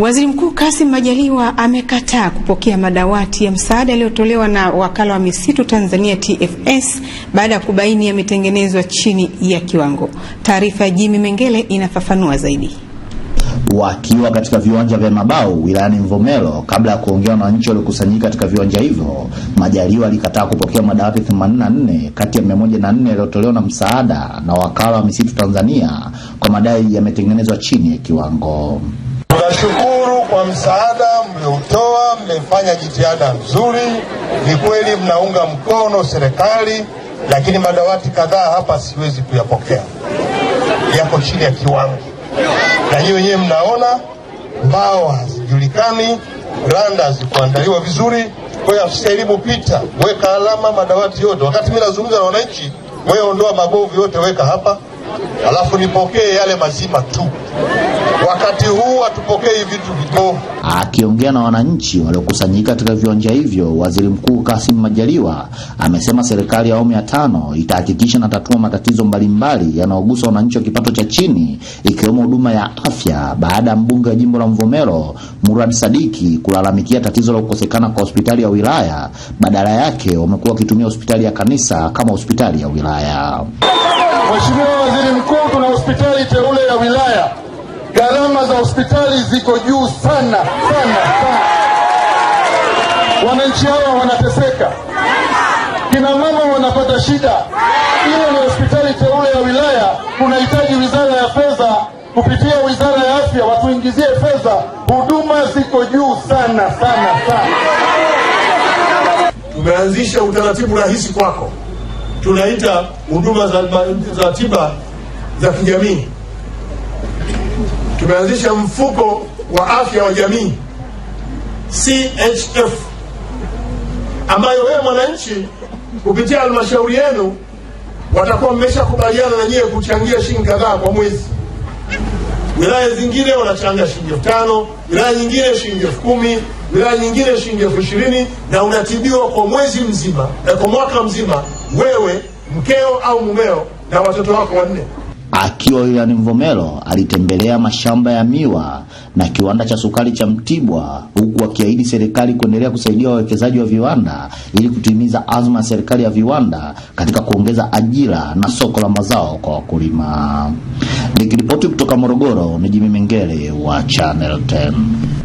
Waziri Mkuu Kassim Majaliwa amekataa kupokea madawati ya msaada yaliyotolewa na wakala wa misitu Tanzania TFS baada ya kubaini yametengenezwa chini ya kiwango. Taarifa ya Jimmy Mengele inafafanua zaidi. Wakiwa katika viwanja vya mabao wilayani Mvomero, kabla ya kuongea na wananchi waliokusanyika katika viwanja hivyo, Majaliwa alikataa kupokea madawati 84 kati ya 104 yaliyotolewa na msaada na wakala wa misitu Tanzania kwa madai yametengenezwa chini ya kiwango kwa msaada mlioutoa, mmefanya jitihada nzuri. Ni kweli mnaunga mkono serikali, lakini madawati kadhaa hapa siwezi kuyapokea, yako chini ya kiwango, na nyinyi wenyewe mnaona mbao hazijulikani, randa hazikuandaliwa vizuri. Kwa hiyo afisa elimu, pita weka alama madawati yote. Wakati mimi nazungumza na wananchi, wewe ondoa mabovu yote, weka hapa, alafu nipokee yale mazima tu. Wakati huu hatupokei vitu vituko. Akiongea na wananchi waliokusanyika katika viwanja hivyo, waziri mkuu Kassim Majaliwa amesema serikali ya awamu ya tano itahakikisha natatua matatizo mbalimbali yanayogusa wananchi wa kipato cha chini, ikiwemo huduma ya afya, baada ya mbunge wa jimbo la Mvomero Murad Sadiki kulalamikia tatizo la kukosekana kwa hospitali ya wilaya. Badala yake wamekuwa wakitumia hospitali ya kanisa kama hospitali ya wilaya. Mheshimiwa Waziri Mkuu, tuna hospitali teule ya wilaya Gharama za hospitali ziko juu sana sana sana, wananchi hawa wanateseka, kina mama wanapata shida. Ile ni hospitali teule ya wilaya, kunahitaji wizara ya fedha kupitia wizara ya afya watuingizie fedha, huduma ziko juu sana sana sana. Tumeanzisha utaratibu rahisi kwako, tunaita huduma za, za tiba za kijamii tumeanzisha mfuko wa afya wa jamii CHF, ambayo wewe mwananchi kupitia halmashauri yenu watakuwa mmeshakubaliana na nyewe kuchangia shilingi kadhaa kwa mwezi. Wilaya zingine wanachanga shilingi elfu tano wilaya nyingine shilingi elfu kumi wilaya nyingine shilingi elfu ishirini na unatibiwa kwa mwezi mzima eh, kwa mwaka mzima, wewe mkeo au mumeo na watoto wako wanne. Akiwa wilayani Mvomero alitembelea mashamba ya miwa na kiwanda cha sukari cha Mtibwa, huku akiahidi serikali kuendelea kusaidia wawekezaji wa viwanda ili kutimiza azma ya serikali ya viwanda katika kuongeza ajira na soko la mazao kwa wakulima. Nikiripoti kutoka Morogoro ni Jimmy Mengele wa Channel 10.